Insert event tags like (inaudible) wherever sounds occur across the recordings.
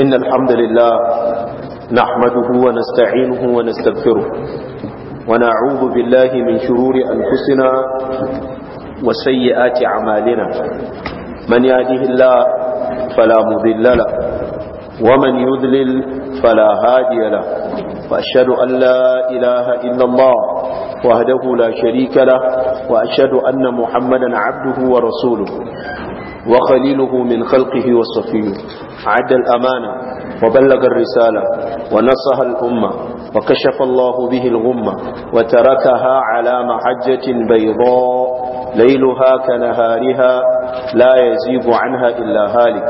إن الحمد لله نحمده ونستعينه ونستغفره ونعوذ بالله من شرور أنفسنا وسيئات أعمالنا من يهده الله فلا مضل له ومن يذلل فلا هادي له وأشهد أن لا إله إلا الله وهده لا شريك له وأشهد أن محمدا عبده ورسوله وخليله من خلقه وصفيه عد الأمانة وبلغ الرسالة ونصها الأمة وكشف الله به الغمة وتركها على محجة بيضاء ليلها كنهارها لا يزيب عنها إلا هالك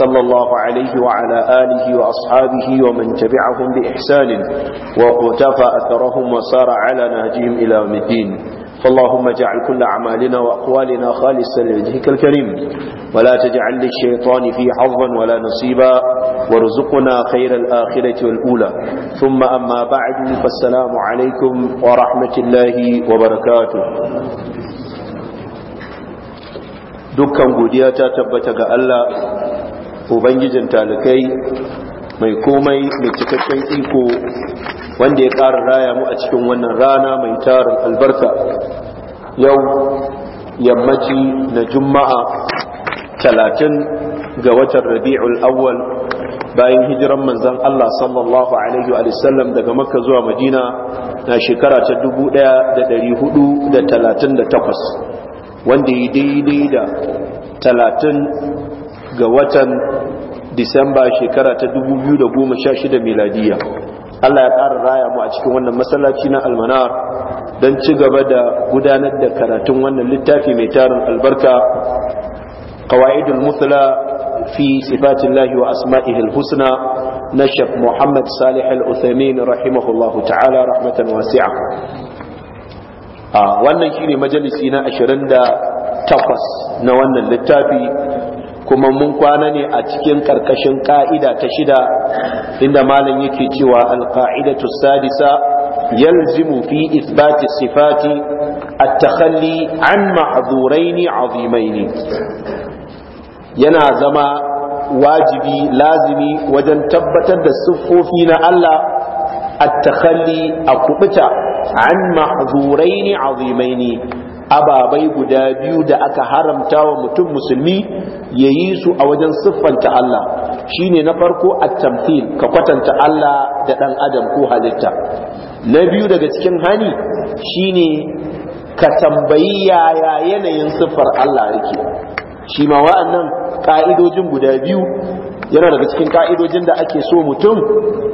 صلى الله عليه وعلى آله وأصحابه ومن تبعهم بإحسان وقتفى أثرهم وصار على نهجهم إلى مدين فاللهم اجعل كل أعمالنا وأقوالنا خالصا لوجهك الكريم ولا تجعل للشيطان فيه حظا ولا نصيبا وارزقنا خير الآخرة والأولى ثم أما بعد فالسلام عليكم ورحمة الله وبركاته dukkan godiya ta tabbata ga Allah ubangijin talikai mai komai mai cikakken iko wanda ya ƙara raya mu a cikin wannan rana mai tarin albarka yau yammaci na juma'a talatin ga watan rabi'ul awwal bayan hijiran manzan Allah sallallahu alaihi wa sallam daga makka zuwa madina na shekara ta 1438 wanda ya daidai da talatin ga watan disamba shekara ta 2016 miladiya Allah ya ƙara raya mu a cikin wannan masallaci na almanar don ci gaba da gudanar da karatun wannan littafi mai tarin albarka qawaidul musla fi sifatillahi wa asma'ihil husna na shaf muhammad salih al-uthaymin rahimahullahu ta'ala rahmatan wasi'a Wannan shi shine majalisi na 28 na wannan littafi kuma mun kwana ne a cikin ƙarƙashin ƙa'ida ta shida inda malam yake cewa alqa'idatu sadisa yalzimu fi isbati sifati a takhalli an ma'dhurain 'azimain yana zama wajibi lazimi wajen tabbatar da siffofi na Allah a takhalli a kubuta an ma'dhurain 'azimain ababai guda biyu da aka haramta wa mutum musulmi ya yi su a wajen siffanta Allah shi ne na farko a tamfil ka kwatanta Allah da ɗan adam ko halitta na biyu daga cikin hani shi ne ka tambayi yaya yanayin siffar Allah yake shi ma wa'annan ka'idojin guda biyu yana daga cikin ka'idojin da ake so mutum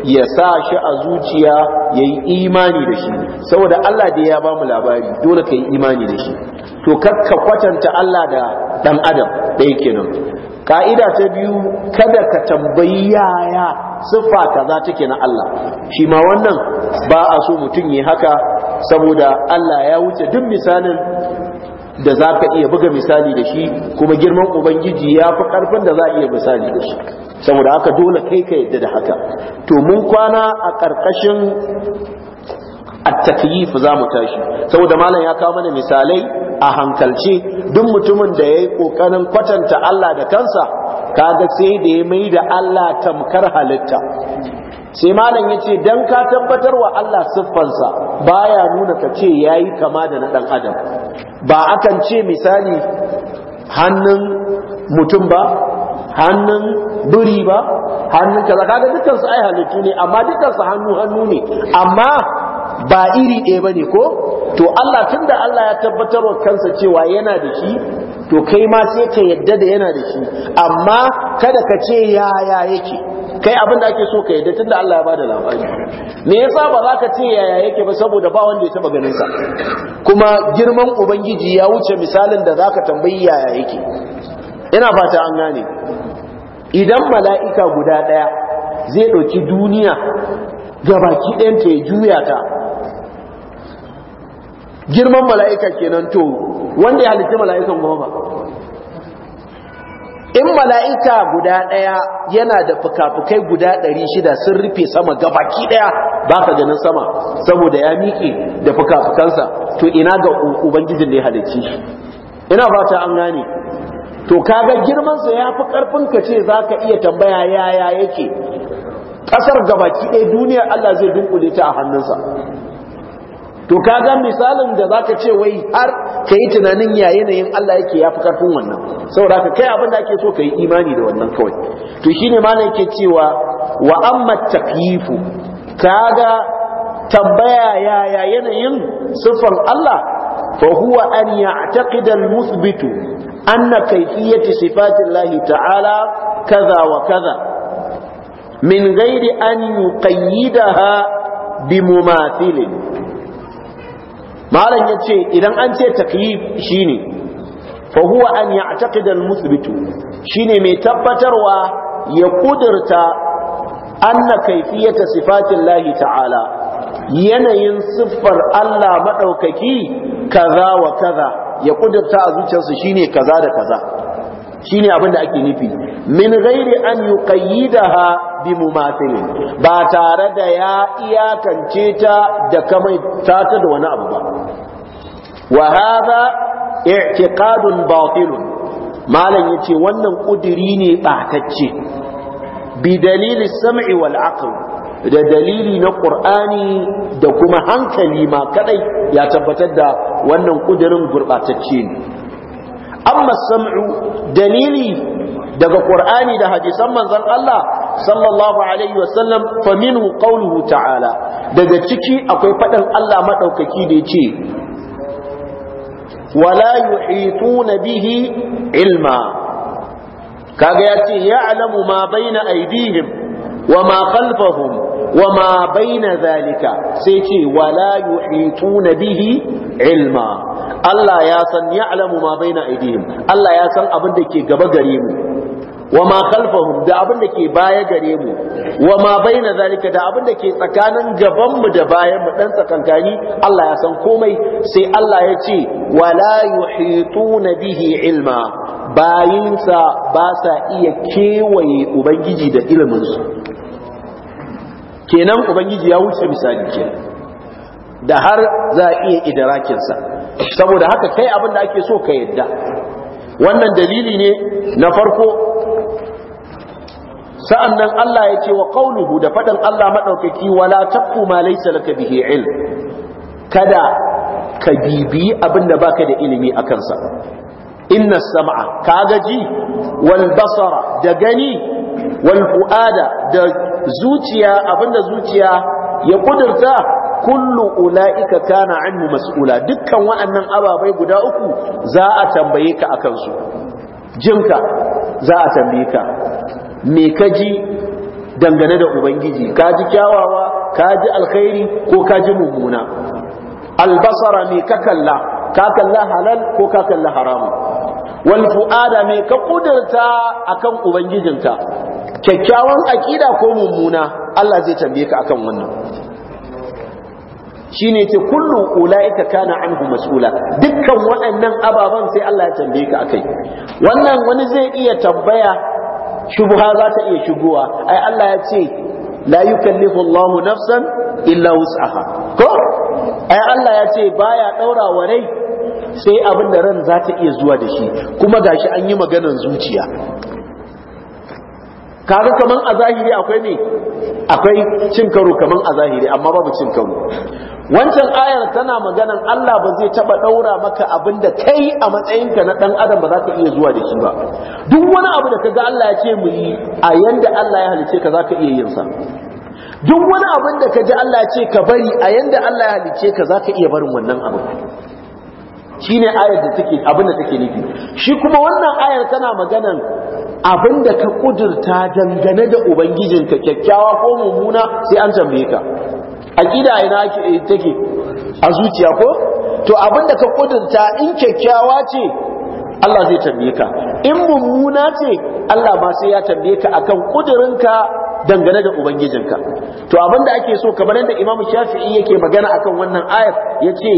ya sa shi a zuciya ya yi imani da shi saboda Allah da ya ba mu labari dole ka yi imani da shi to kakka kwatanta Allah da dan adam ɗaya nan. ka'ida ta biyu kada ka tambayi yaya siffa kaza take na Allah shi ma wannan ba a so mutum yi haka saboda Allah ya wuce duk misalin da za ka iya buga misali da shi kuma girman ubangiji ya fi karfin da za a iya misali da shi saboda haka dole kai ka yadda da haka to mun kwana a ƙarƙashin at-takyif za mu tashi saboda malam ya kawo mana misalai a hankalce duk mutumin da yayi kokarin kwatanta Allah da kansa kaga sai da ya mai da Allah tamkar halitta sai malam ya ce don ka tabbatar wa Allah siffansa baya nuna ka ce ya yi kama da na ɗan adam ba akan ce misali hannun mutum ba hannun duri ba hannun kaza kaga dukansu ai halittu ne amma dukansu hannu hannu ne amma ba iri ɗaya bane ko to Allah tunda Allah ya tabbatar wa kansa cewa yana da shi to kai ma sai ka yadda da yana da shi amma kada ka ce yaya yake kai abin da ake so ka da tunda Allah ya bada labari me yasa ba za ka ce yaya yake ba saboda ba wanda ya taba ganin sa kuma girman ubangiji ya wuce misalin da zaka tambayi yaya yake ina fata an gane idan mala'ika guda daya zai dauki duniya gabaki ta ya juya ta girman mala'ika kenan to wanda ya halitta mala'ikan goma mala'ika guda ɗaya yana da fuka guda ɗari shida sun rufe sama gabaki ɗaya ba ka ganin sama saboda ya miƙe da fuka to ina ga ubangijin da ya halicci ina fata an gane to kaga girmansa ya fi ƙarfin ka ce za ka iya tambaya yaya yake ƙasar gabaki ɗaya duniyar allah zai dunkule ta a hannunsa to kaga misalin da zaka ce wai har ka yi tunanin ya yanayin Allah yake yafi karfin wannan saboda ka kai abin da ake so ka yi imani da wannan kawai to shine malam yake cewa wa amma takyifu kaga tambaya yaya yanayin siffar Allah fa huwa an ya'taqida al-muthbitu anna kayfiyati sifatillahi ta'ala kaza wa kaza min ghairi an yuqayyidaha bimumathilin malam ya ce idan an ce takyif shine ne, huwa an ya'taqida al shi shine mai tabbatarwa ya kudurta anna kaifiyata sifatin lahi ta'ala yanayin siffar Allah maɗaukaki kaza wa kaza ya kudurta a zuciyarsa ne kaza da kaza shine ne da ake nufi min ghairi an ha bi mumathilin ba tare da ya iyakance ta da kamar ta da wani abu ba wahaza hadha i'tiqadun batilun malam yace wannan ƙudiri ne batacce bi dalili sam'i wal aql da dalili na ƙur'ani, da kuma hankali ma kadai ya tabbatar da wannan kudirin gurbatacce ne amma sam'u dalili daga ƙur'ani da hadisan manzon Allah sallallahu alaihi wasallam fa qawluhu ta'ala daga ciki akwai faɗan Allah madaukaki da yace wala yuhituna bihi ilma kaga yace ya'lamu ma baina aydihim wa ma khalfahum wa ma baina zalika sai ce wala yuhituna bihi ilma Allah ya san ya'lamu ma baina aydihim Allah ya san abin da ke gaba gare mu wa ma khalfahum da abin da ke baya gare mu wa ma baina zalika da abin da ke tsakanin gaban mu da bayan mu dan tsakankani Allah ya san komai sai Allah ya ce wala yuhituna bihi ilma sa ba sa iya kewaye ubangiji da ilimin su kenan ubangiji ya wuce misali ke da har za a iya sa saboda haka kai abin da ake so ka yadda wannan dalili ne na farko sa'annan Allah ya ce wa ƙaunuhu da faɗin Allah maɗaukaki wala taqfu ma laysa laka bihi ilm kada ka bibi abinda baka da ilimi a kansa inna sam'a kaga ji wal basara da gani wal fuada da zuciya abinda zuciya ya kudurta kullu ula'ika kana masu mas'ula dukkan wa'annan ababai guda uku za a tambaye ka akan su jinka za a tambaye ka me ka ji dangane da ubangiji ka ji kyawawa ka ji alkhairi ko ka ji mummuna albasara me ka kalla ka kalla halal ko ka kalla haramun wal fu'ada me ka kudurta akan ubangijinka kyakkyawan akida ko mummuna Allah zai tambaye ka akan wannan shine ce kullu ulaika kana anhu mas'ula dukkan waɗannan ababan sai Allah ya tambaye ka akai wannan wani zai iya tambaya shubha za ta iya shigowa ai Allah ya ce la yukallifu Allah nafsan illa wus'aha ko ai Allah ya ce baya daura wa rai sai abin da ran za ta iya zuwa da shi kuma gashi an yi maganar zuciya kaga kaman a zahiri akwai ne akwai cin karo kaman a zahiri amma babu cin karo wancan ayar tana maganan Allah ba zai taba daura maka abin da kai a matsayinka na dan adam ba za ka iya zuwa da shi ba duk wani abu da kaga Allah ya ce mu yi a yanda Allah ya halice ka za ka iya yin sa duk wani abu da kaji Allah ya ce ka bari a yanda Allah ya halice ka za ka iya barin wannan abin shine ayar da take abin da take nufi shi kuma wannan ayar tana maganan abinda ka kudurta dangane da ubangijinka kyakkyawa ko mummuna sai an tambaye ka aqida ina eh, take a zuciya ko to abinda ka kudurta in kyakkyawa ce Allah zai tambaye ka in mummuna ce Allah ma sai ya tambaye ka akan kudurinka dangane da ubangijinka to abin da ake so kamar yadda imamu shafi'i yake magana akan wannan ayar ya ce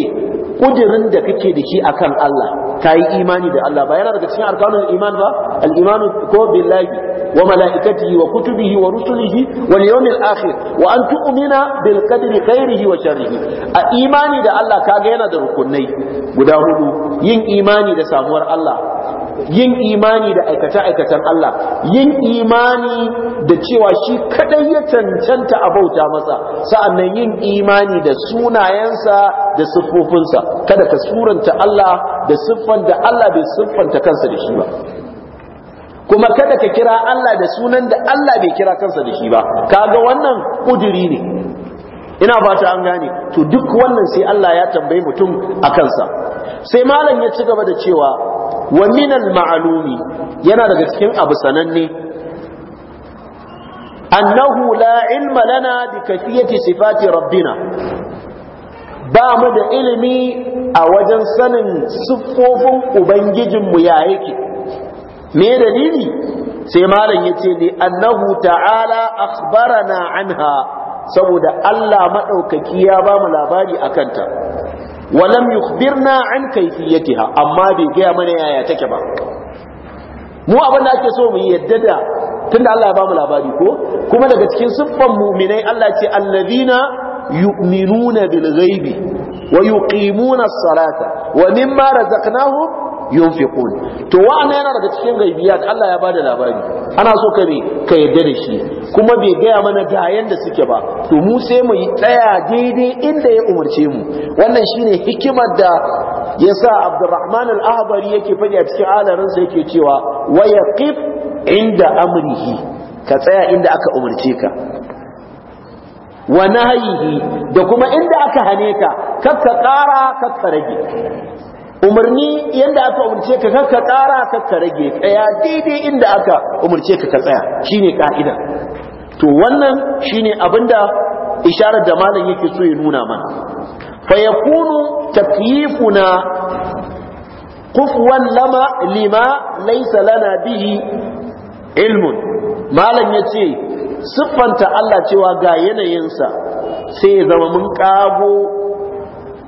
ƙudirin da kake da shi akan Allah ka yi imani da Allah ba yana daga cikin arkanun iman ba al-imanu ko billahi wa mala'ikatihi wa kutubihi wa rusulihi wal yawmil akhir wa an tu'mina bil qadri khairihi wa sharrihi a imani da Allah kaga yana da rukunai guda hudu yin imani da samuwar Allah yin imani da aikace-aikacen Allah yin imani da cewa shi kadai ya cancanta a bauta masa sa'annan yin imani da sunayensa da siffofinsa kada ka suranta Allah da siffan da Allah bai siffanta kansa da shi ba kuma kada ka kira Allah da sunan da Allah bai kira kansa da shi ba kaga wannan kuduri ne ina fata an gane to duk wannan sai Allah ya tambayi mutum a kansa sai malam ya ci gaba da cewa wa minal ma'alumi yana daga cikin abu sananne annahu la ilma lana bi kafiyati sifati rabbina ba mu da ilimi a wajen sanin siffofin mu ya yake me dalili sai malam yace ne annahu ta'ala akhbarana anha saboda Allah madaukaki ya ba mu labari akanta walam yukhbirna an kayfiyatiha amma bai gaya mana yaya take ba mu abin da ake so mu yadda da tunda Allah ya bamu labari ko kuma daga cikin siffan mu'minai Allah ce alladhina yu'minuna bil ghaibi wa yuqimuna as-salata wa mimma razaqnahum yunfiqun to wa'ana yana daga cikin gaibiyat Allah ya bada labari ana so ka ka yadda da shi kuma bai gaya mana da yanda suke ba to mu sai mu tsaya daidai inda ya umarce mu wannan shine hikimar da yasa Abdurrahman al-Ahbari yake faɗi a cikin sa yake cewa wa yaqif inda amrihi ka tsaya inda aka umarce ka wa nahayihi da kuma inda aka hane ka kakka kara kakka rage umarni yanda aka umarce ka kakka ƙara kakka rage tsaya daidai inda aka umarce ka ka tsaya shine ka'ida to wannan shine abinda isharar da malam yake so ya nuna mana fa yakunu takyifuna qufwan lama lima laysa lana bihi ilmun malam yace siffanta Allah cewa ga yanayinsa sai ya zama mun kago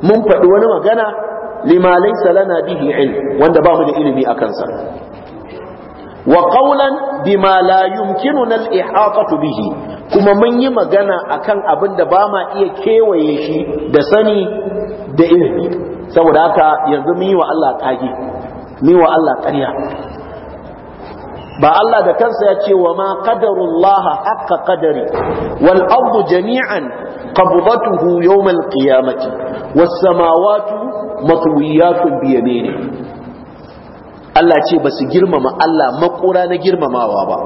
mun faɗi wani magana lima laysa lana bihi ilm wanda ba mu da ilimi a kansa. wa qawlan bima la yumkinuna al-ihatatu bihi kuma mun yi magana akan abin da ba ma iya kewaye shi da sani da ilimi saboda haka yanzu mun yi wa Allah kage wa Allah ƙarya ba Allah da kansa ya ce wa ma qadarullah haqqa qadari wal ardu jami'an قبضته يوم القيامة والسماوات مطويات بيمينه Allah ce basu girmama Allah makura na girmamawa ba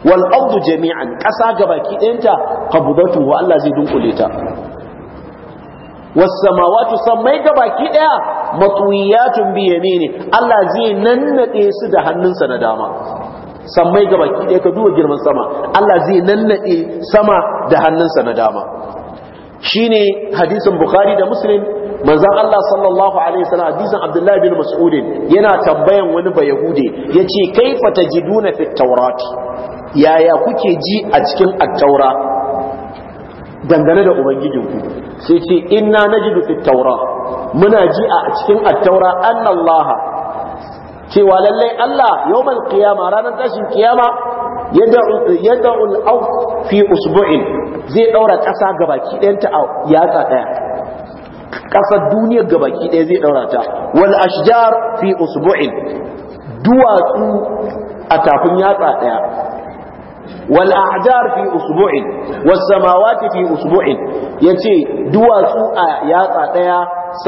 wal jami'an ƙasa gabaki ɗayanta qabdatu wa Allah zai dunkule ta was samawati sammai gabaki ɗaya matwiyatun bi yamini Allah zai nannade su da hannunsa na dama sammai gabaki ɗaya ka duba girman sama Allah zai nannade sama da hannunsa na dama shine hadisin bukhari da muslim manzon Allah sallallahu alaihi wasallam hadisin abdullahi bin mas'ud yana tambayan wani bayahude yace kaifa tajiduna fit tawrat yaya kuke ji a cikin at-taura dangane da ubangijinku sai ce inna najidu fit taura muna ji a cikin at-taura annallaha cewa lallai Allah yawmal qiyama ranar tashin ƙiyama. yada'u al-auf fi usbu'in zai daura kasa gabaki ta ya yatsa daya kasa duniyar gabaki ɗaya zai daura ta wal ashjar fi usbu'in duwatsu a tafin yatsa daya wal a'dar fi usbu'in was samawati fi usbu'in yace duwatsu a yatsa daya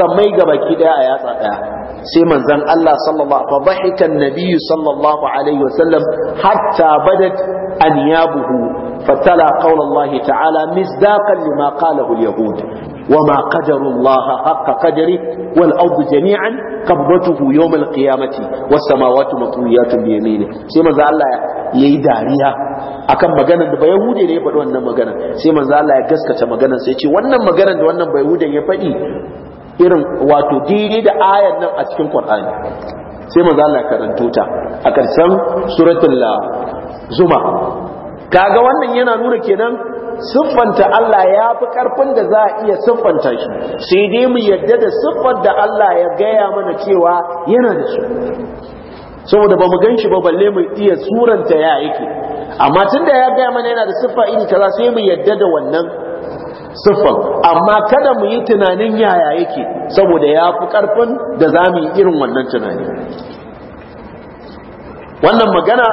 sammai gabaki ɗaya a yatsa ɗaya. sai manzon Allah sallallahu fa dhahika an-nabiy sallallahu alaihi wasallam hatta badat anyabuhu fatala qawl Allah ta'ala misdaqan lima qalahu al-yahud وما قدر الله حق قدره والأرض جميعا قبضته يوم القيامة والسماوات مطويات بيمينه سيما ذا الله يداريها akan maganar da bayahude ne ya faɗi wannan magana sai manzo Allah ya gaskata maganar sai ya ce wannan maganar da wannan bayahudan ya faɗi irin wato dini da ayan nan a cikin Qur'ani sai mu zalla karanto ta a ƙarshen suratul zuma kaga wannan yana nuna kenan siffanta Allah ya fi karfin da za a iya siffanta shi sai dai mu yadda da siffar da Allah ya gaya mana cewa yana da shi saboda ba mu gan shi ba balle mu iya suranta ya yake amma tun da ya gaya mana yana da siffa iri kaza sai mu yadda da wannan siffan amma kada mu yi tunanin yaya yake saboda ya fi karfin da za mu yi irin wannan tunani wannan magana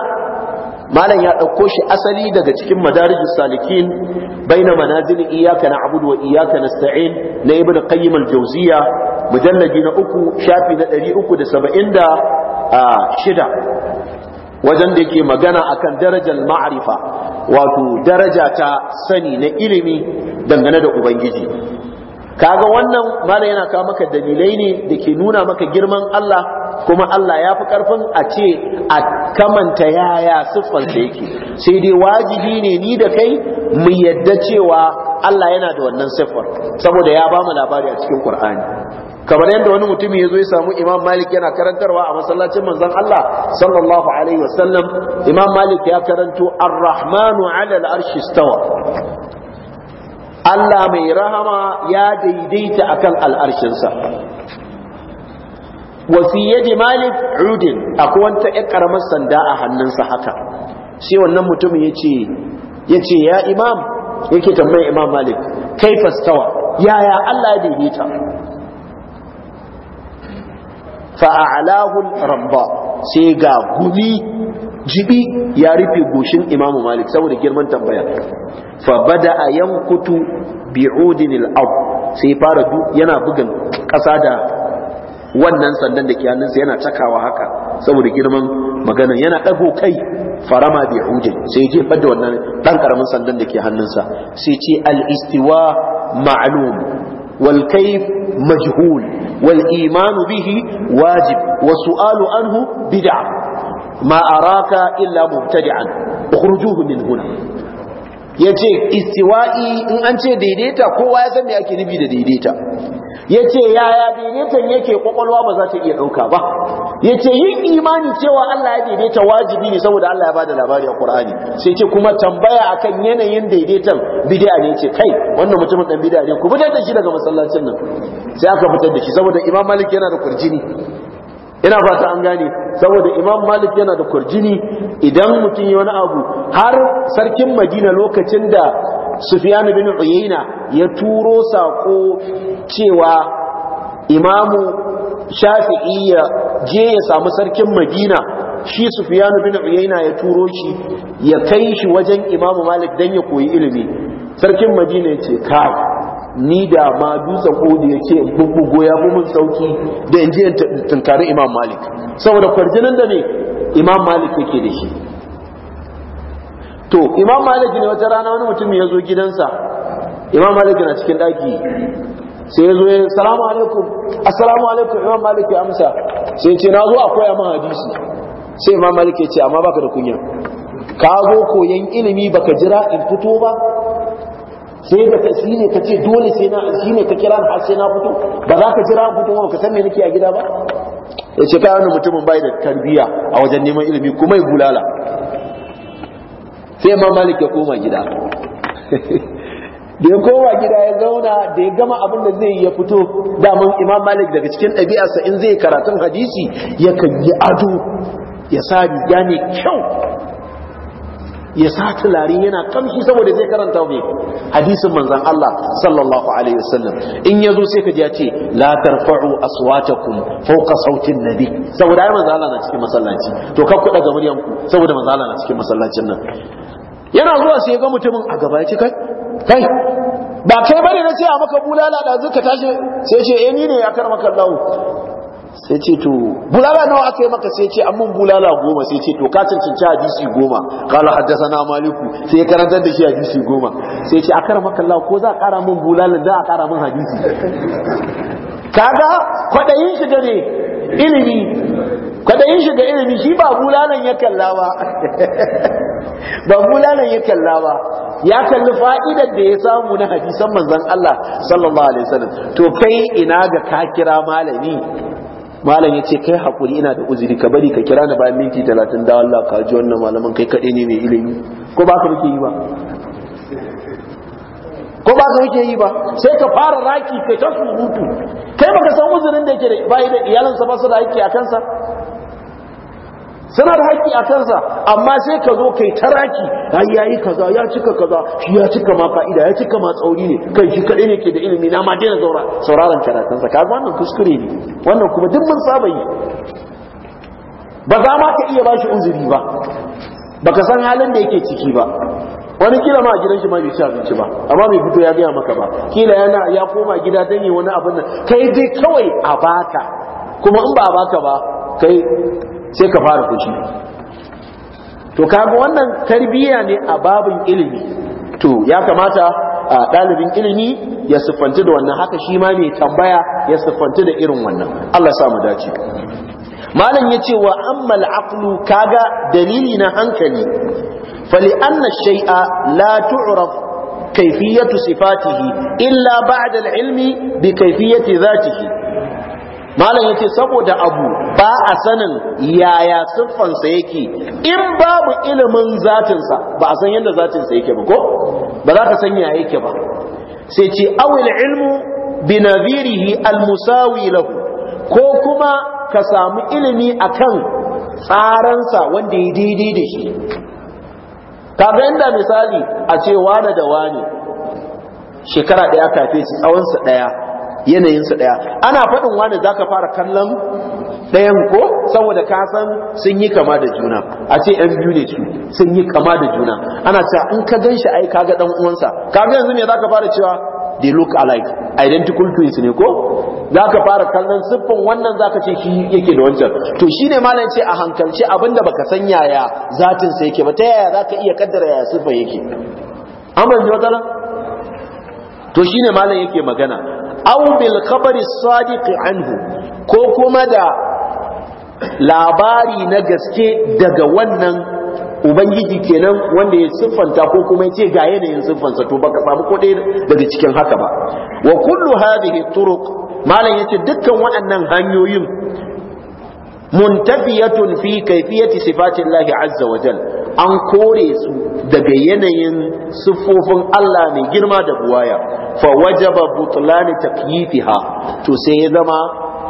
malam ya ɗauko shi asali daga cikin madarijin salikin baina iyaka na Abudu wa iyaka na sta'in na ibnu qayyim al jauziya mujallabi na uku shafi na 376 wajen da yake magana akan darajar ma'arifa wato daraja ta sani na ilimi dangane da ubangiji kaga wannan malam yana kawo maka dalilai ne da ke nuna maka girman Allah kuma Allah ya fi karfin a ce a kamanta yaya siffarsa yake sai dai wajibi ne ni da kai mu yadda cewa Allah yana da wannan siffar saboda ya ba mu labari a cikin Qur'ani kamar yadda wani mutum ya zo ya samu imam malik yana karantarwa a masallacin manzon Allah sallallahu alaihi wasallam imam malik ya karanto ar-rahmanu ala al-arshi stawa Allah mai rahama ya daidaita akan al'arshinsa wa fi yadi malik udin akwai wata ƴar karamar sanda a hannunsa haka sai wannan mutumin ya ce, ya imam yake tambayar imam malik kaifa stawa yaya Allah ya daidaita fa'alahul ramba sai ga gumi jibi ya rufe goshin imamu malik saboda girman tambaya fa bada a yankutu bi'udin al'ab sai fara yana bugan ƙasa da wannan sandan da ke yana cakawa haka saboda girman magana yana ɗago kai farama bi'udin sai ke fadda wannan ɗan ƙaramin sandan da ke hannunsa sai ce al-istiwa ma'lum والكيف مجهول والإيمان به واجب والسؤال عنه بدعة ما أراك إلا مبتدعا اخرجوه من هنا ya ce istiwa'i in an ce daidaita kowa ya san me ake nufi da daidaita ya ce yaya daidaitan yake kwakwalwa ba za ta iya ɗauka ba ya ce yin imani cewa Allah ya daidaita wajibi ne saboda Allah ya bada labari a Qur'ani sai ce kuma tambaya akan yanayin daidaitan bid'a ne ce kai wannan mutumin dan bid'a ne ku fitar da shi daga masallacin nan sai aka fitar da shi saboda Imam Malik yana da kurjini ina fata an gane saboda imam malik yana da kurjini idan mutum yi wani abu har sarkin madina lokacin da sufiyan bin uyayna ya turo sako cewa imamu shafi'i ya je ya samu sarkin madina shi sufiyan bin uyayna ya turo shi ya kai shi wajen imamu malik dan ya koyi ilimi sarkin madina ya ce kai ni da ma dusa ko da ce bugu ya fi mun sauki da inji je tunkari imam malik saboda kwarjinin da ne imam malik yake da shi to imam malik ne wata rana wani mutum ya zo gidansa imam malik na cikin daki sai ya zo ya salamu alaikum assalamu alaikum imam malik ya amsa sai ce na zo a koya min hadisi sai imam malik ya ce amma baka da kunya ka zo koyan ilimi baka jira in fito ba sai da shi ne ka ce dole sai na shi ne ka kira har sai na fito ba za ka jira fito ka san me nake a gida ba ya ce kayan wani mutumin bai da tarbiya a wajen neman ilimi kuma ya bulala sai ma malik ya koma gida (laughs) da ya koma gida ya zauna da ya gama abin da zai ya fito daman imam malik daga cikin ɗabi'arsa in zai karatun hadisi ya yi ado ya sa riga ne kyau ya sa lari yana kamshi saboda zai karanta mai hadisin manzan Allah sallallahu alaihi wasallam in zo sai kaji ya ce la tarfa'u aswatakum fawqa sautin nabi saboda ai manzon Allah na cikin masallaci to ka kuɗa daga muryan ku saboda manzan Allah na cikin masallacin nan yana zuwa sai ga mutumin a gaba ya ce kai kai ba kai bane na ce a maka bulala da zuka tashi sai ce eh ni ne ya karma kallahu sai ce to bulala nawa aka yi maka sai ce an mun bulala goma sai ce to ka cancanci hadisi goma kala haddasa na maliku sai ya karantar da shi hadisi goma sai ce a kara maka Allah ko za a kara mun bulala za a kara mun hadisi kaga kwadayin shiga ne ilimi kwadayin shiga ilimi shi ba bulalan ya kalla ba (laughs) ba bulalan ya kalla ba ya kalli fa'idar da ya samu na hadisan manzon Allah sallallahu alaihi wasallam to kai ina ga ka kira malami malam yace kai hakuri ina da uzuri ka bari ka kira ni bayan minti 30 da Allah ka ji wannan malamin kai kade ne mai ilimi ko ba ka muke yi ba ko ba ka muke yi ba sai ka fara raki kai ta surutu kai baka san uzurin da yake da bai da iyalansa ba su da yake a kansa suna da haƙƙi a kansa amma sai ka zo kai taraki ai yayi kaza ya cika kaza shi ya cika ma fa'ida ya cika ma tsauri ne kai shi kadai ne ke da ilimi na ma daina zaura sauraron karatunsa kaga wannan kuskure ne wannan kuma duk mun saba yi ba za ma ka iya bashi uzuri ba baka san halin da yake ciki ba wani kila ma a gidan shi ma bai ci abinci ba amma bai fito ya gaya maka ba kila yana ya koma gida dan yi wani abin nan kai dai kawai a baka kuma in ba a baka ba kai sai ka fara fushi to kaga wannan tarbiyya ne a babin ilimi to ya kamata a ɗalibin ilimi ya siffanci da wannan haka shi ma mai tambaya ya siffanci da irin wannan Allah samu dace malam ya ce wa ammal aqlu kaga dalili na hankali fali anna shay'a la tu'raf kayfiyatu sifatihi illa ba'da al-ilmi bi kayfiyati dhatihi malam yace saboda abu ba a sanin yaya siffansa yake in babu ilimin zatinsa ba a san yadda zatinsa yake ba ko ba za ka san yaya yake ba sai ce awil ilmu bi nadhirihi al musawi lahu ko kuma ka samu ilimi akan tsaransa wanda ya daidai da shi kaga inda misali a ce wani da wani shekara ɗaya kafe su tsawonsa ɗaya. yanayinsu ɗaya ana faɗin wani za ka fara kallon ɗayan ko saboda ka san sun yi kama da juna a ce yan biyu ne su sun yi kama da juna ana cewa in ka gan shi ai kaga ɗan uwansa kaga yanzu me za ka fara cewa they look alike identical twins ne ko za ka fara kallon siffin wannan za ka ce shi yake da wancan to shi ne malam ce a hankalci abinda baka san yaya zatinsa yake ba ta yaya za ka iya kaddara yaya siffin yake amma ji matsala to shi ne malam yake magana aw bil khabari sadiq anhu ko kuma da labari na gaske daga wannan ubangiji kenan wanda ya siffanta ko kuma yace ga yanayin siffansa to baka samu ko ɗaya daga cikin haka ba wa kullu hadhihi turuq malam yace dukkan waɗannan hanyoyin muntafiyatun fi kaifiyati sifatillahi azza wa jal an kore su daga yanayin siffofin Allah mai girma da buwaya fa wajaba butlan takyifiha to sai ya zama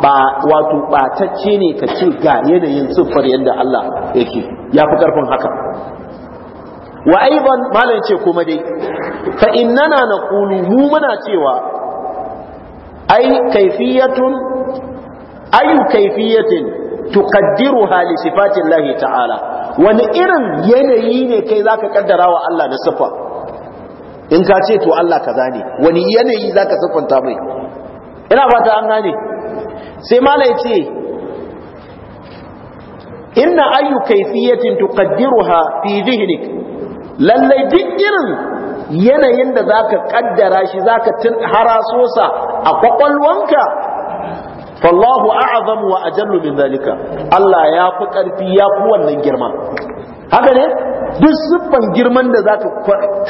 ba wato batacce ne ka ce ga yanayin siffar yadda Allah yake fi karfin haka wa aiban malam ce kuma dai fa innana naqulu mu muna cewa ai kaifiyatun ayu kaifiyatin tuqaddiruha li sifatillahi ta'ala wani irin yanayi ne kai zaka kaddara wa Allah da sifa in ka ce to Allah kaza ne wani yanayi zaka siffanta mai ina fata an gane sai mala yace inna ayu kayfiyatin tuqaddiruha fi dhihnik lallai duk irin yanayin da zaka kaddara shi zaka tun haraso sa a kwakwalwanka fallahu a'azam wa ajallu min zalika Allah ya fi karfi ya fi wannan girma haka ne duk siffan girman da za ta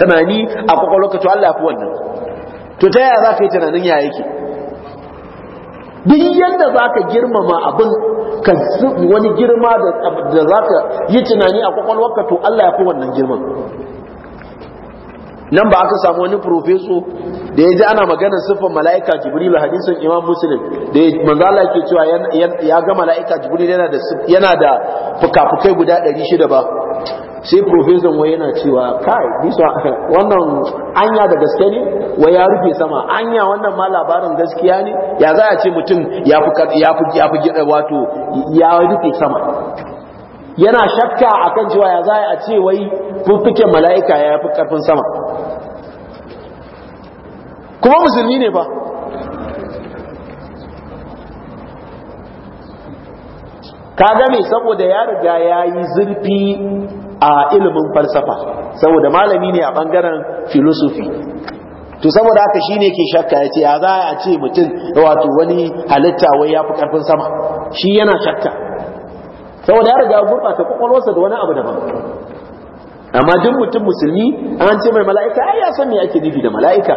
tunani a kwakwalwarka to Allah ya fi wannan to ta yaya za ka yi tunanin ya yake duk yadda ka girmama abin ka wani girma da za ka yi tunani a kwakwalwarka to Allah ya fi wannan girman nan ba aka samu wani profeso da ya ji ana magana siffar mala'ika jibril hadisin imam muslim da manzo Allah ke cewa ya ga mala'ika jibril yana da yana da fukafukai guda 600 ba sai profeson wai yana cewa kai bisa (laughs) wannan anya da gaske ne wai ya rufe sama anya wannan ma labarin gaskiya ne ya za a ce mutum ya fi ya fi ya fi wato ya rufe sama yana shakka akan cewa ya za a ce wai fuffuken mala'ika ya fi karfin sama kuma musulmi ne ba ka gane saboda ya riga ya yi zurfi a ilimin falsafa saboda malami ne a bangaren filosofi to saboda haka ne ke shakka ya ce ya za a ce mutum wato wani halitta wai ya fi karfin sama shi yana shakka saboda ya riga ta kwakwalwarsa da wani abu daban amma duk mutum musulmi an ce mai mala'ika ai ya san me ake nufi da mala'ika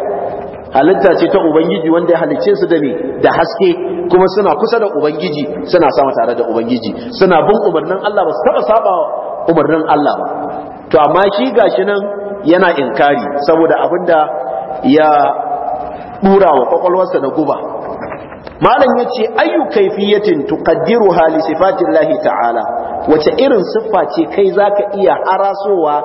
halitta ce ta ubangiji wanda ya halicce su da ne da haske kuma suna kusa da ubangiji suna sama tare da ubangiji suna bin umarnin Allah ba su taba saba umarnin Allah ba to amma shi gashi nan yana inkari saboda abinda ya dura wa kwakwalwarsa na guba malam ya yace ayyu kayfiyatin hali hali sifatillahi ta'ala wace irin siffa ce kai zaka iya harasowa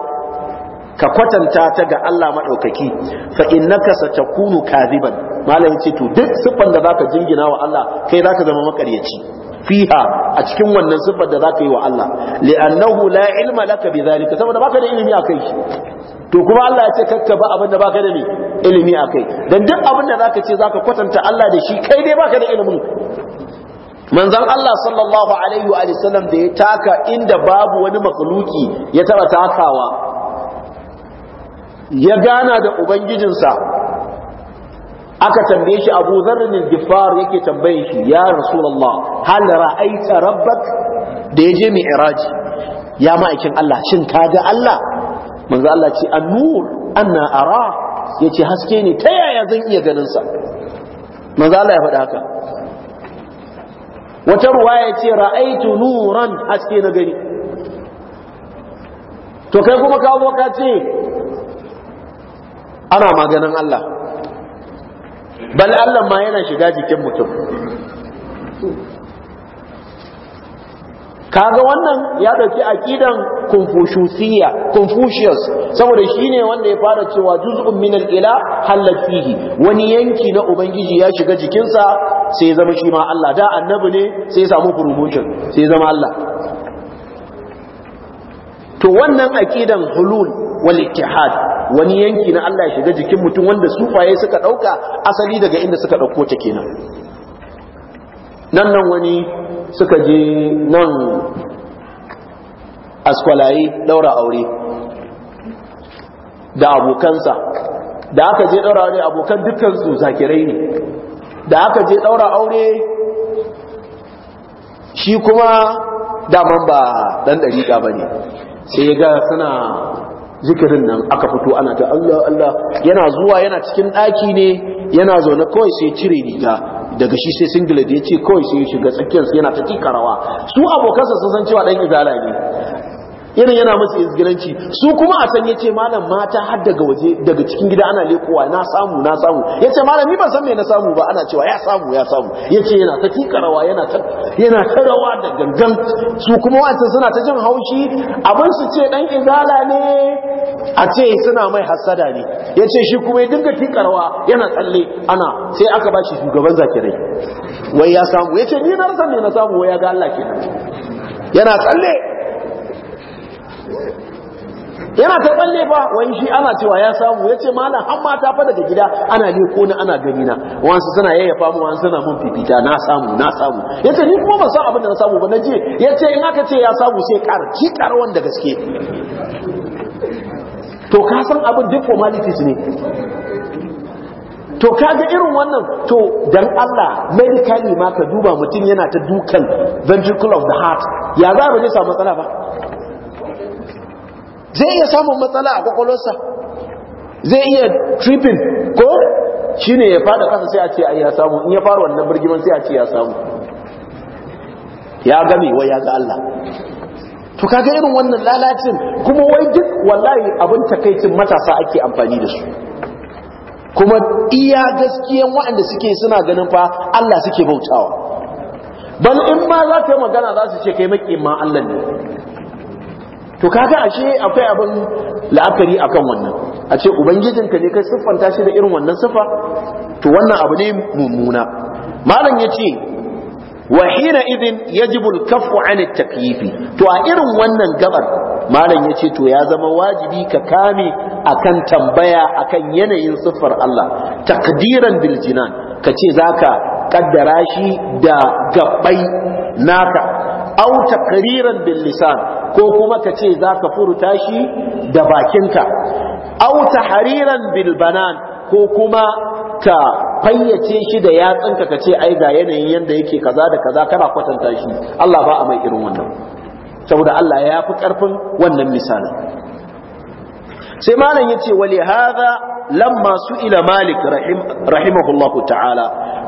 ka kwatanta ta ga Allah maɗaukaki, fa innaka satakunu kadhiban malam yace to duk siffan da zaka jingina wa Allah kai zaka zama makaryaci fiha a cikin wannan siffar da zaka yi wa Allah li'annahu la ilma laka bidhalika saboda baka da ilimi akai shi to kuma Allah ya ce kakka ba abin da baka da ilimi akai dan duk abin da zaka ce zaka kwatanta Allah da shi kai dai baka da ilimin manzon Allah sallallahu alaihi wa sallam da ya taka inda babu wani makhluki ya taba takawa ya gana da ubangijinsa aka tambaye shi abu zarrin gifar yake tambaye shi ya rasulullah hal ra'aita rabbak da ya je iraji ya ma'aikin Allah shin ka ga Allah manzo Allah ce an-nur anna ara yace haske ne ta yaya zan iya ganinsa? sa manzo Allah ya faɗa haka wata ya ce ra'aitu nuran haske na gani to kai kuma kawo zo ka ce ana maganin Allah bal Allah ma yana shiga jikin mutum kaga wannan ya dauki aqidan confuciusiyya confucius saboda shine wanda ya fara cewa juz'un min al-ila halat fihi wani yanki na ubangiji ya shiga jikinsa sai ya zama shi ma Allah da annabi ne sai ya samu promotion sai ya zama Allah to wannan aqidan hulul wal ittihad wani yanki na Allah ya shiga jikin mutum wanda sufaye suka ɗauka asali daga inda suka ɗauko ta kenan nan nan wani suka je nan askwalaye ɗaura aure da abokansa da aka je ɗaura aure abokan dukkansu zakirai ne da aka je ɗaura aure shi kuma daman ba ɗan ɗariƙa ba ne sai ya ga suna zikirin nan aka fito ana ta Allah Allah yana zuwa yana cikin ɗaki ne yana zaune kawai sai cire riga daga shi sai singlet ya ce kawai sai ya shiga sai yana ta tika rawa su abokansa sun san cewa ɗan izala ne irin yana musu izgiranci su kuma a san yace malam mata har daga waje daga cikin gida ana lekowa na samu na samu yace malam ni ban san me na samu ba ana cewa ya samu ya samu yace yana ta tika yana ta yana ta rawa da gangan su kuma wata suna ta jin haushi abin su ce dan izala ne a ce suna mai hasada ne ya ce shi kuma ya dinga tikarwa yana tsalle ana sai aka ba shi shugaban zakirai wai ya samu ya ce ni na rasa ne na samu wai ya ga Allah ke yana tsalle yana ta tsalle ba wani shi ana cewa ya samu ya ce malam an mata fa daga gida ana ne ko na ana gani na Wansu suna yayyafa mu wansu suna mun fifita na samu na samu ya ce ni kuma ba san abin da na samu ba na je ya ce in aka ce ya samu sai kar ki kar wanda gaske to ka san abin duk formalities ne to ka ga irin wannan to dan Allah medically ma ka duba mutum yana ta dukan ventricle of the heart ya za ba zai samu matsala ba zai iya samun matsala a kwakwalwarsa zai iya tripping ko Shi ne ya fada kasa sai a ce ya samu in ya fara wannan birgiman sai a ce ya samu ya gami wa ya ga Allah to kaga irin wannan lalacin kuma wai duk wallahi abin takaicin matasa ake amfani da su kuma iya gaskiyan waɗanda suke suna ganin fa Allah suke bautawa bal in ma za ka yi magana za su ce kai maƙin ma Allah ne to kaga ashe akwai abin la'akari akan wannan a ce ubangijinka ne kai siffanta shi da irin wannan siffa to wannan abu ne mummuna malam ya ce wa hina idin yajibul kafu an takyifi to a irin wannan gabar malam yace to ya zama wajibi ka kame akan tambaya akan yanayin siffar Allah takdiran bil jinan kace zaka kaddara shi da gabbai naka au takriran bil lisan ko kuma ka ce za ka furta shi da bakinka au bil bilbanan ko kuma ka fayyace shi da yatsanka ka ce ai ga yanayin yadda yake kaza da kaza kana kwatanta shi Allah ba a mai irin wannan saboda Allah ya fi karfin wannan misalin sai malam yace wali hadha lamma su'ila malik rahim rahimahullahu ta'ala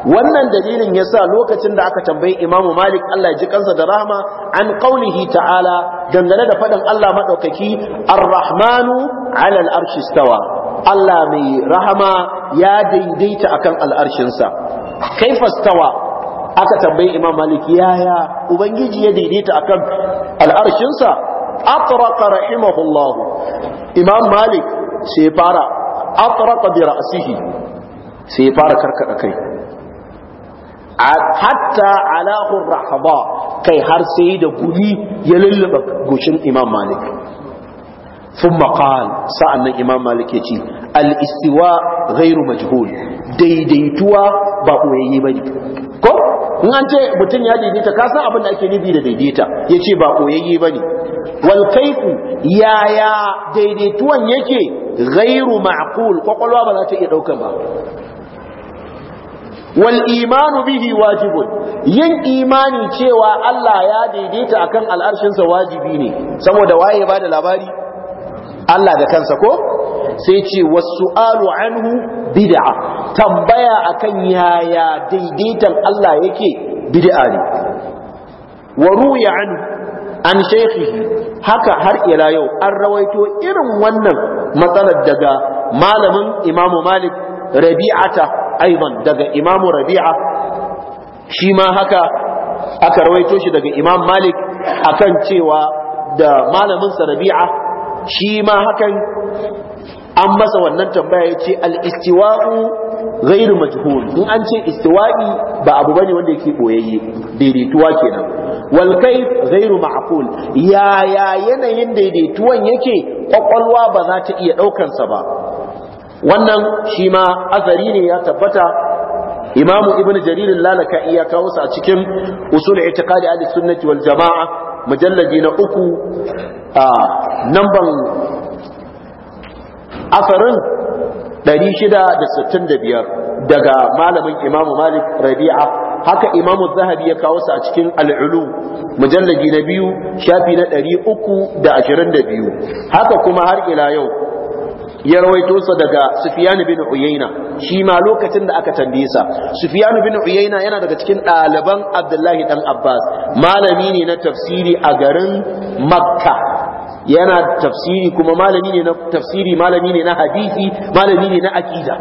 wannan dalilin yasa lokacin da aka tambayi imamu malik Allah ya ji kansa da rahma an qaulihi ta'ala dangane da fadin Allah madaukaki ar-rahmanu 'ala al-arshi stawa Allah mai rahama ya daidaita akan al'arshinsa kai fastawa aka tambayi imam malik yaya ubangiji ya daidaita akan al'arshinsa atraqa rahimahullah imam malik sai fara atraqa bi ra'sihi sai fara karkada kai hatta alahu rahaba kai har sai da guri ya lullaba gushin imam malik sun maƙal sa'annan imam malik ya ce al'istiwa gairu majhul daidaituwa ba ɓoyayye ba ne ko an ce mutum ya daidaita ka san abin da ake nufi da daidaita yace ce ba ɓoyayye ba ne walkaifu yaya daidaituwan yake gairu ma'qul kwakwalwa ba za ta iya ɗauka ba Wal'imanu bihi wajibun yin imani cewa Allah ya daidaita akan al'arshinsa wajibi ne saboda waye ba da labari Allah da kansa ko sai ce wasu alu anhu bid'a tambaya akan yaya daidaitan Allah yake bid'a ne wa ruya anhu an shaykhi haka har ila yau an rawaito irin wannan matsalar daga malamin Imam Malik Rabi'ata aiban daga Imam Rabi'a shi ma haka aka rawaito shi daga Imam Malik akan cewa da malamin sa Rabi'a shi ma hakan an masa wannan tambaya ya ce al-istiwa'u ghairu majhul in an ce istiwa'i ba abu bane wanda yake boyayye daidaituwa kenan wal kayf ghairu ma'qul ya ya yanayin daidaituwan yake kwakwalwa ba za ta iya ɗaukansa ba wannan shi ma azari ne ya tabbata imamu Ibn Jaririn lalaka iya kawo sa a cikin usul i'tiqadi ahli sunnati wal jama'a mujalladi na uku a namban asarin 665 daga malamin imamu malik rabi'a haka imamu zahabi ya kawo sa a cikin al'ulu mujallaji na biyu shafi na 322 haka kuma har ila yau ya rawaito sa daga Sufiyanu bin Uyaina, shi ma lokacin da aka tambaye sa sufiyanu bin Uyaina yana daga cikin ɗaliban Abdullahi ɗan Abbas malami ne na tafsiri a garin Makka yana tafsiri kuma malami ne na tafsiri malami ne na hadisi malami ne na akida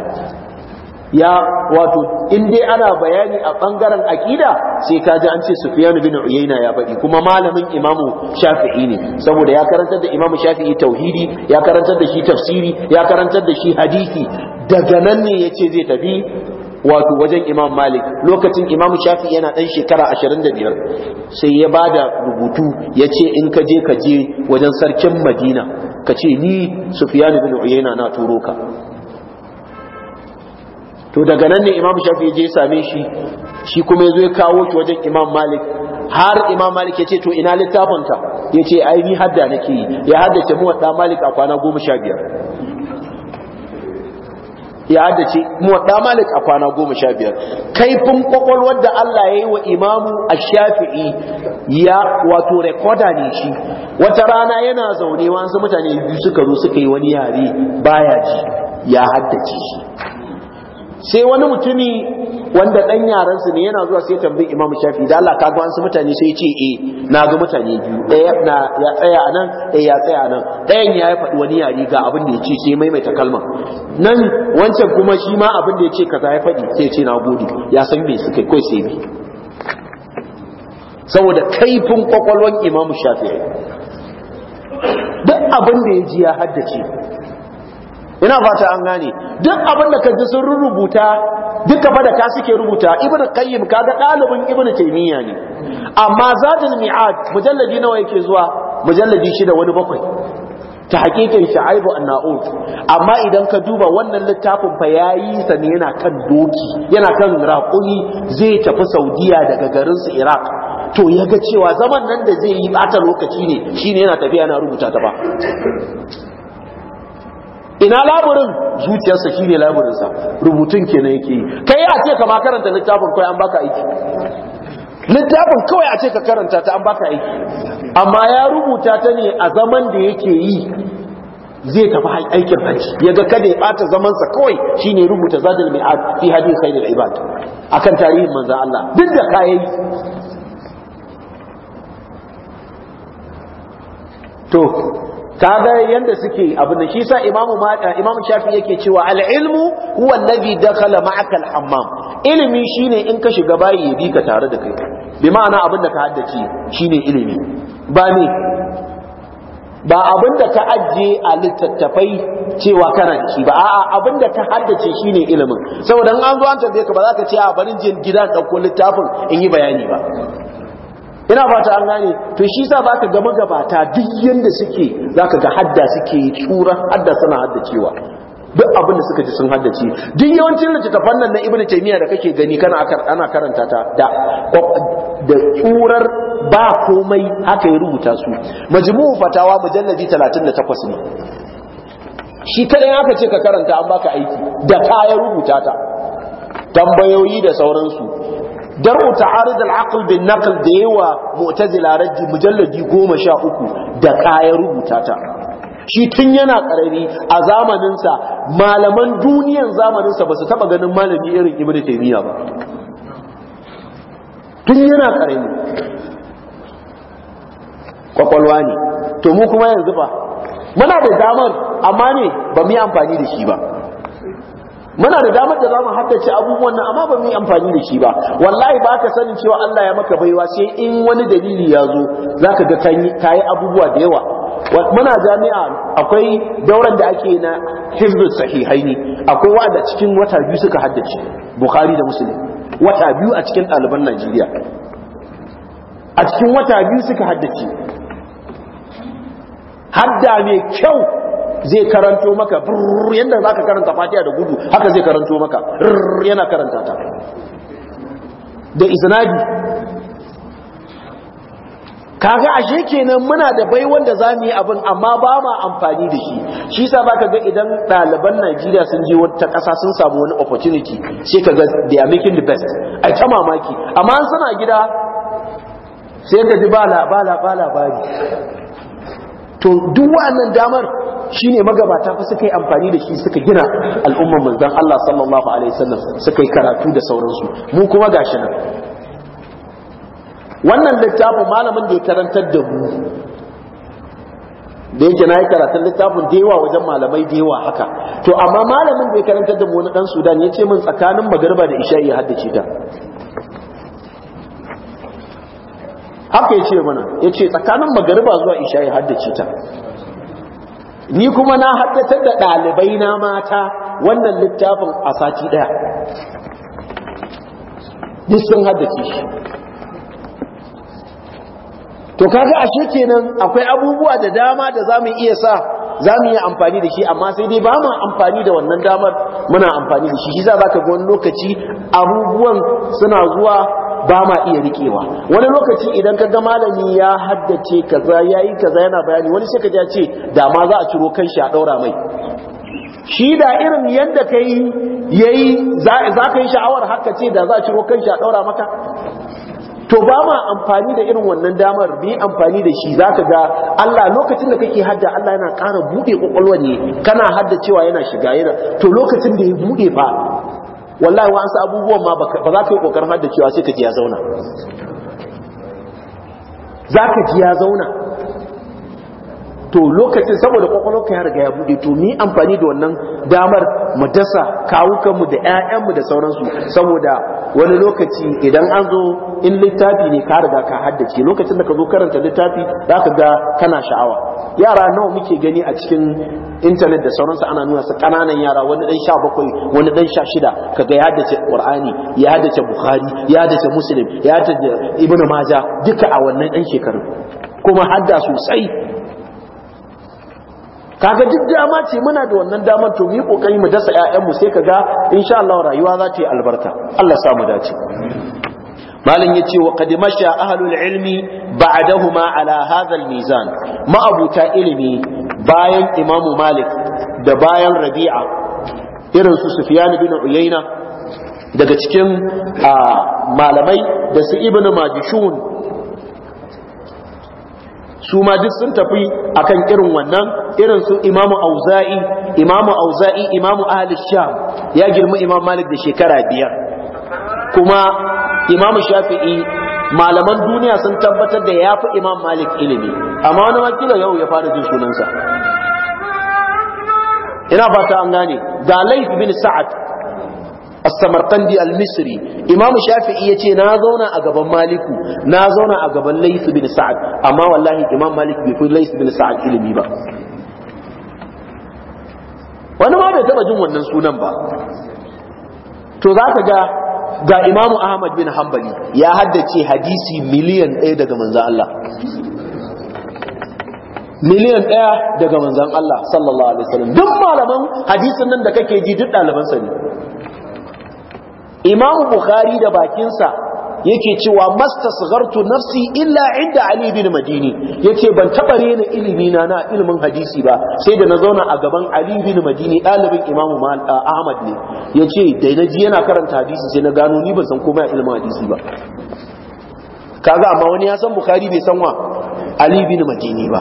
ya wato in dai ana bayani a bangaren akida sai kaji an ce Sufyan bin Uyayna ya faɗi kuma malamin imam'u Shafi'i ne saboda ya karantar da imam'u Shafi'i tauhidi ya karantar da shi tafsiri ya karantar da shi hadisi daga nan ne yace zai tafi wato wajen imam malik lokacin imam shafi yana dan shekara ashirin da biyar sai ya ba da rubutu ya ce in ka je ka je wajen sarkin madina ka ce ni sufiyan ibn uyayna na turo ka to daga nan ne imam shafi ya je same shi shi kuma ya zo ya kawo shi wajen imam malik har imam malik ya ce to ina littafinka ya ce ai ni hadda nake yi ya haddace mu wa malik a kwana goma sha biyar ya haddace da malik a kwana goma sha biyar kaifin kwakwalwar da Allah ya yi wa imamu a shafi'i ya wato rekoda ne shi wata rana yana zaune wasu mutane biyu suka zo suka yi wani yare baya ji ya haddace shi sai wani mutumi wanda dan yaran su ne yana zuwa sai tambayi imamu Shafi da Allah ga wasu mutane sai ce eh na ga mutane biyu ɗaya na ya tsaya anan ɗaya ya tsaya anan ɗayan ya yi faɗi wani yare ga abin da ce sai maimaita kalma, nan wancan kuma shi ma abin da ce kaza ya faɗi sai ce na gode ya san me su kai sai bi saboda kaifin kwakwalwar Imam shafi duk abin da ya ji ya haddace ina fata an gane duk abin da ka ji sun rubuta duka fa da ka suke rubuta ibnu qayyim kaga dalibin ibnu taymiya ne amma zadul mi'ad mujalladi nawa yake zuwa mujalladi shida wani bakwai ta hakikin an anna'ud amma idan ka duba wannan littafin fa yayi sa ne yana kan doki yana kan raƙumi zai tafi saudiya daga garin su iraq to ya ga cewa zaman nan da zai yi bata lokaci ne shine yana tafiya na rubuta ta ba ina laburin zuciyarsa shi ne laburinsa rubutun nan yake yi Ka yi a ce ka ma karanta littafin kawai an baka aiki littafin kawai a ce ka karanta ta an baka aiki amma ya rubuta ta ne a zaman da yake yi zai tafi aikin hajji ya ga kada ya ɓata zamansa kawai shi ne rubuta zadar mai fi hadin sai da ibad a kan tarihin manzan Allah duk da kayayi to kaga yanda suke abin da shi sa imamu eh, imamu shafi yake cewa al-ilmu huwa alladhi dakhala ma'aka al-hammam ilimi shine in ka shiga bayi ya bi ka tare da kai bi ma'ana abin da ka haddace shine ilimi ba ne ba abin da ka ajiye a littattafai cewa kana da shi ba a'a abin da ka haddace shine ilimin saboda in an zo an tambaye ka ba za ka ce a barin jin gidan dauko littafin in yi bayani ba ina ta an gane to shi sa baka ga magabata duk yanda suke ka ga hadda suke tsuran hadda suna haddacewa duk abin da suka ji sun haddace duk yawancin littattafan nan na ibnu taymiya da kake gani kana ana karanta ta da da tsurar ba komai haka ya rubuta su majmu'u fatawa mujalladi 38 ne shi kadai aka ce ka karanta an baka aiki da ka ya rubuta ta tambayoyi da sauransu Dar ta'arid al-aql bin naql da yawa mu'tazila goma mujalladi uku da kaya rubuta ta shi tun yana karari a zamaninsa malaman duniyan zamaninsa ba su taba ganin malami irin ibnu taymiya ba tun yana karari kwakwalwa ne to mu kuma yanzu ba muna da damar amma ne ba mu yi amfani da shi ba muna da damar da zamu haddace abubuwan nan amma ba mu yi amfani da shi ba wallahi ba ka sanin cewa Allah ya maka baiwa sai in wani dalili ya zo zaka ga kayi abubuwa da yawa muna jami'a akwai dauran da ake na hizbul sahihaini akwai wanda cikin wata biyu suka haddace bukhari da muslim wata biyu a cikin ɗaliban najeriya a cikin wata biyu suka haddace hadda mai kyau zai karanto maka yadda za ka karanta fatiha da gudu haka zai karanto maka yana karanta ta da isnadi kaga ashe kenan muna da bai wanda za mu yi abin amma ba ma amfani da shi shi sa baka ga idan ɗaliban Najeriya sun je wata ƙasa sun samu wani opportunity sai ka ga they are making the best ai ta mamaki amma an suna gida sai ka ji ba labari to duk wannan damar shine magabata fa suka yi amfani da shi suka gina al'umman manzan Allah sallallahu alaihi wasallam suka yi karatu da sauransu mu kuma shi nan wannan littafin malamin da ya karantar da mu da yake na yi karatun littafin da yawa wajen malamai da yawa haka to amma malamin da ya karantar da mu wani dan sudan ya ce min tsakanin magarba da isha iya haddace ta haka ya ce mana ya ce tsakanin magarba zuwa isha iya haddace ta ni kuma na haddatar da ɗalibai na mata wannan littafin a sati ɗaya duk sun haddace shi to kaga ashe kenan akwai abubuwa da dama da zamu iya sa za yi amfani da shi amma sai dai ba mu amfani da wannan damar muna amfani da shi shi za ka ga wani lokaci abubuwan suna zuwa ba ma iya rikewa wani lokaci idan ka ga malami ya haddace kaza yayi kaza yana bayani wani sai ka ji ce da ma za a ciro shi a daura mai shi da irin yadda kai yayi za ka yi sha'awar haka ce da za a ciro shi a daura maka to ba ma amfani da irin wannan damar bi amfani da shi zaka ga Allah lokacin da kake hadda Allah yana ƙara buɗe ƙwaƙwalwa ne kana hadda cewa yana shiga yana to lokacin da ya buɗe fa wallahi ansa abubuwan ma ba za ka yi kokarin cewa sai ka ji ya zauna za ka ji ya zauna to lokacin saboda kwakwalwarka ya riga ya bude to ni amfani da wannan damar mu dasa kawukanmu da 'ya'yanmu da sauransu saboda wani lokaci idan an zo in littafi ne ka riga ka haddace lokacin da ka zo karanta littafi za ka ga kana sha'awa yara nawa muke gani a cikin intanet da sauransu ana nuna su kananan yara wani dan sha bakwai wani dan sha shida kaga ya haddace qur'ani ya haddace bukhari ya haddace muslim ya haddace ibnu majah duka a wannan dan shekarun kuma hadda sosai kaga duk dama ce muna da wannan damar to mu yi kokari mu dasa ƴaƴan mu sai kaga insha Allah rayuwa za ta yi albarka Allah sa mu dace malin yace wa qad masha ahlul ilmi ba'dahuma ala hadha al-mizan ma abuta ilimi bayan imamu malik da bayan rabi'a irin su sufyan bin uyayna daga cikin malamai da su ibnu majishun su ma duk sun tafi akan irin wannan irin su imamu auza'i imamu auza'i imamu ahli sham ya girma imam malik da shekara biyar kuma imamu shafi'i malaman duniya sun tabbatar da ya fi imam malik ilimi amma wani makila yau ya fara jin sunansa ina fata an gane da laif bin sa'ad as-samarqandi al-misri Imam shafi'i yace na zauna a gaban maliku na zauna a gaban layth bin sa'ad amma wallahi imam malik bai fi layth bin sa'ad ilimi ba wani ma bai taba jin wannan sunan ba to za ka ga ga Imam ahmad bin hanbali ya haddace hadisi miliyan ɗaya daga manzan Allah miliyan ɗaya daga manzan Allah sallallahu alaihi wasallam duk malaman hadisin nan da kake ji duk ɗalibansa ne imamu bukhari da bakinsa yake cewa mastasghartu nafsi illa inda ali ibn madini yace ban taba rena ilimi na na ilimin hadisi ba sai da na zauna a gaban ali ibn madini dalibin imam ahmad ne yace da naji yana karanta hadisi sai na gano ni ban san komai ilimin hadisi ba kaga amma wani ya san bukhari bai san wa ali ibn madini ba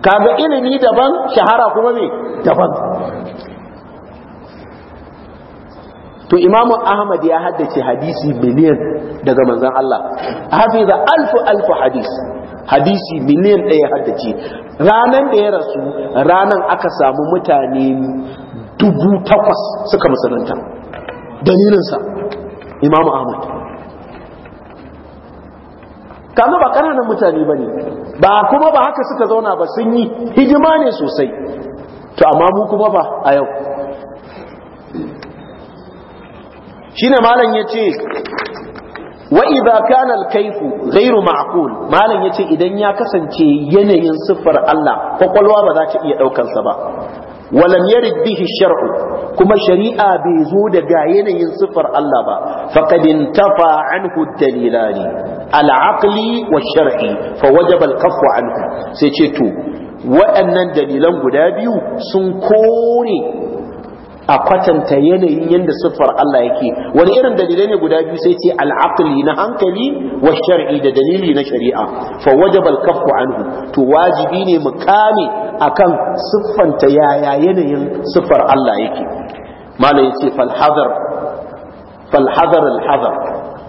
kaga ilimi daban shahara kuma me daban to imamu ahmad ya haddace hadisi miliyan daga manzon Allah hafiza alfu alfu hadis hadisi miliyan ɗaya haddace ranan da ya rasu ranan aka samu mutane dubu takwas suka musulunta dalilinsa imamu ahmad kama ba ƙananan mutane ba ne ba kuma ba haka suka zauna ba sun yi hijima ne sosai to amma mu kuma ba a yau shine malam yace wa idza kana al-kayfu ghairu ma'qul malam yace idan ya kasance yanayin siffar Allah kwakwalwa ba za ta iya daukan ba walam yarid bihi shar'u kuma shari'a bai zo daga yanayin siffar Allah ba faqad intafa anhu dalila al-aqli wa shar'i fa wajaba al-qafw anhu sai ceto waɗannan dalilan guda biyu sun kone a kwatanta yanayin yadda siffar Allah yake wani irin dalilai ne guda biyu sai ce al'aqli na hankali wa shar'i da dalili na shari'a fa wajaba al-kaffu anhu to wajibi ne mu kame akan siffanta yaya yanayin siffar Allah yake malai yace fal hadar fal hadar al hadar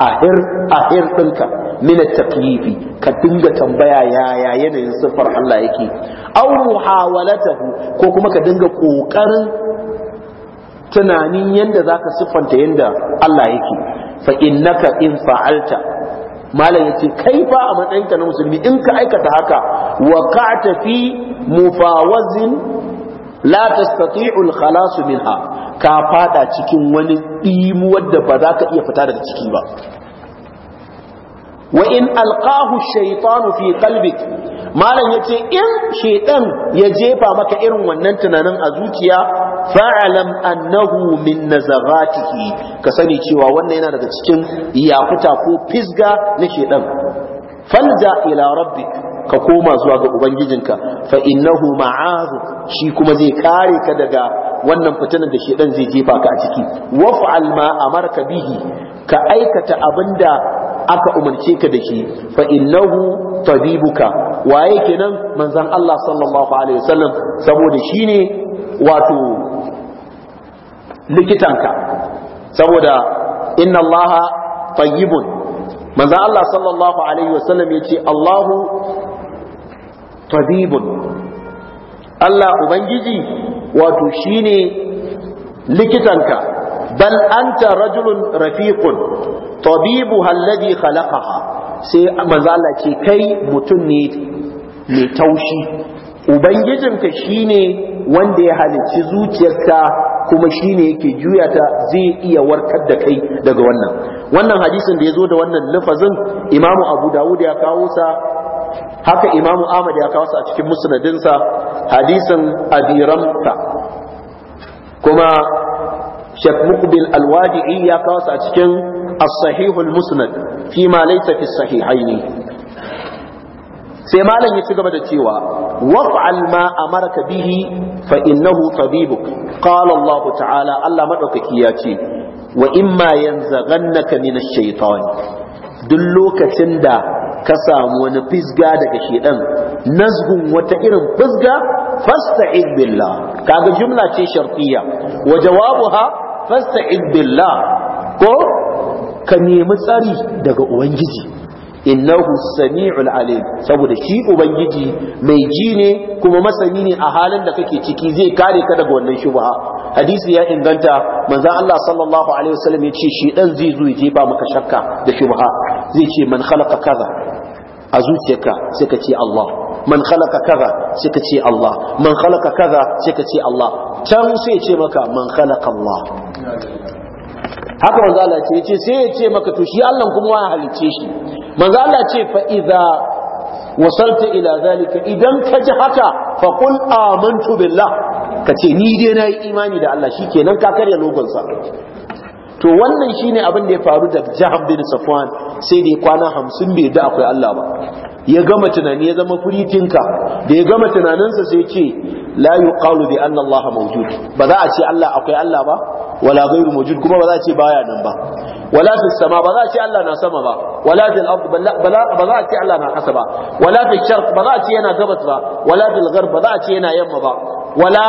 ahir ahir dinka min at-taklifi ka dinga tambaya yaya yanayin siffar Allah yake aw muhawalatahu ko kuma ka dinga kokarin tunanin yadda za ka siffanta yadda Allah yake fa naka in fa'alta malam yace kai fa a matsayinka na musulmi in ka aikata haka wa ka tafi mufawazin la tastati'u al-khalas minha ka fada cikin wani dimuwar wadda ba za ka iya fita daga ciki ba wa in alqahu shaytanu fi qalbik malam yace in shaytan ya jefa maka irin wannan tunanin a zuciya fa'alam annahu min nazaratihi ka sani cewa wannan yana daga cikin yafuta ko fisga na shaytan falja ila rabbik ka koma zuwa ga ubangijinka fa innahu ma'azu shi kuma zai kare ka daga wannan fitinar da shaytan zai jefa ka a ciki waf'al ma amarka bihi ka aikata abinda aka umarce ka da shi fa innahu tabibuka waye kenan manzon Allah sallallahu alaihi wasallam saboda shine wato likitanka saboda inna Allah tayyibun manzon Allah sallallahu alaihi wasallam yace Allahu tabibun Allah ubangiji wato shine likitanka Bal'anta rajulun rafiqun tabibu alladhi khalaqaha sai manzo ce kai mutum ne mai taushi ubangijinka shine wanda ya halicci zuciyarta, kuma shine yake juya ta zai iya warkar da kai daga wannan wannan hadisin da ya zo da wannan lafazin imamu abu dawud ya kawo sa haka imamu ahmad ya kawo a cikin musnadinsa hadisin abiramta kuma Sheikh Muqbil al ya kawo su a cikin as musnad fi ma laysa fi sai malam ya ci gaba da cewa waf'al ma amaraka bihi fa innahu tabibuk qala Allah ta'ala Allah madaukaki ya ce wa imma yanzaghannaka min ash-shaytan duk lokacin da ka samu wani fisga daga ɗan, nazgun wata irin fisga fasta'id Ka ga jumla ce shartiyya wa jawabu ha? fasta'id billah ko ka nemi tsari daga ubangiji innahu sami'ul alim saboda shi ubangiji mai ji ne kuma masani ne a halin da kake ciki zai kare ka daga wannan shubha hadisi ya inganta manzo Allah sallallahu alaihi wasallam ya ce shi dan zai zo ya jefa maka shakka da shubha zai ce man khalaqa kaza a zuciyarka sai ka ce Allah man khalaqa kaza sai ka ce Allah man khalaqa kaza sai ka ce Allah can sai ce maka man Allah haka manzo Allah ce yace sai ya ce maka to shi Allah kuma ya halice shi manzo Allah ce fa idza wasalta ila zalika idan ka ji haka fa qul amantu billah kace ni dai nayi imani da Allah shikenan ka karya logonsa to wannan shine abin da ya faru da Jahab bin Safwan sai dai kwana 50 bai da akwai Allah ba ya gama tunani ya zama furitinka da ya gama tunaninsa sai ce la yuqalu bi anna allaha mawjud ba za a ce allah akwai allah ba wala gairu mawjud kuma ba za a ce baya nan ba wala fis sama ba za a ce allah na sama ba wala fil ard ba za a ce allah na ƙasa ba wala fil sharq ba za a ce yana gabas ba wala fil ba za a ce yana yamma ba wala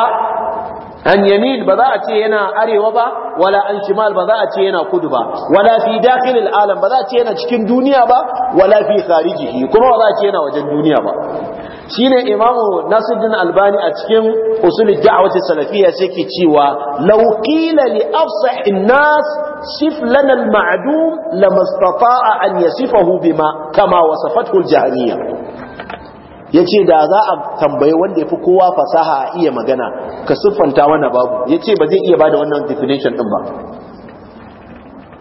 an yamin ba za a ce yana arewa ba wala an shimal ba za a ce yana kudu ba wala fi dakhil alam ba za a ce yana cikin duniya ba wala fi kharijihi kuma ba za a ce yana wajen duniya ba shine imamu nasiruddin albani a cikin usul da'wati salafiyya sai ke cewa law qila li afsah an-nas sif lana al-ma'dum lamastata'a an yasifahu bima kama wasafathu al-jahmiyya ya ce da za a tambaye wanda ya fi kowa fasaha a iya magana ka siffanta mana babu ya ce ba zai iya ba da wannan definition din ba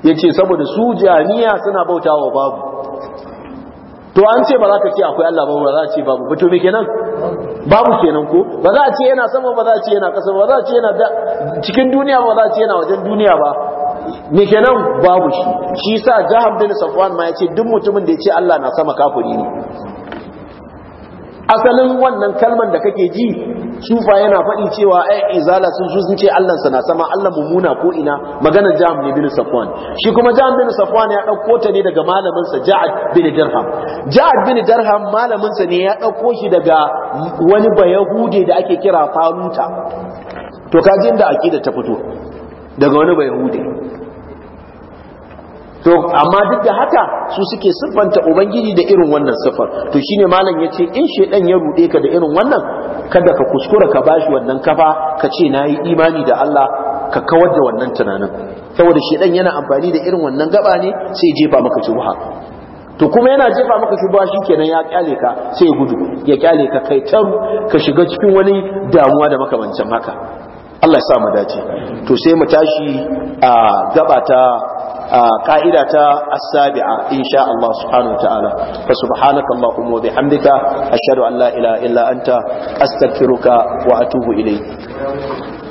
ya ce saboda su jami'a suna bauta wa babu to an ce ba za ka ce akwai Allah ba za a ce babu to me kenan babu kenan ko ba za a ce yana sama ba za a ce yana kasa ba za a ce yana cikin duniya ba za a ce yana wajen duniya ba me kenan babu shi shi sa jahab bin safwan ma ya ce duk mutumin da ya ce Allah na sama kafiri ne asalin wannan kalman da kake ji sufa yana faɗi cewa ai eh, izala sun su sun ce Allah sana sama Allah mumuna ko ina magana Jam bin Safwan shi kuma Jam bin Safwan ya dauko ta ne daga malamin sa Ja'ad bin Dirham Ja'ad bin Dirham malamin sa ne ya dauko shi daga wani bayahude da ake kira faruta to kaji inda aqida ta fito daga wani bayahude to amma duk da haka su suke siffanta ubangiji da irin wannan siffar to shine malam ya ce in shedan ya rude ka da irin wannan kada ka kuskura ka bashi wannan kafa ka ce nayi imani da Allah ka kawar da wannan tunanin saboda shedan yana amfani da irin wannan gaba ne sai jefa maka shubha to kuma yana jefa maka shubha shikenan ya kyale ka sai ya gudu ya kyale ka kai tar ka shiga cikin wani damuwa da makamancin haka Allah ya sa mu dace to sai mu tashi a gaba ta ka'ida ta as-sabi'a sha Allah subhanahu ta'ala fa subhanaka allahumma wa bihamdika ila an la ilaha illa anta astaghfiruka wa atubu ilayk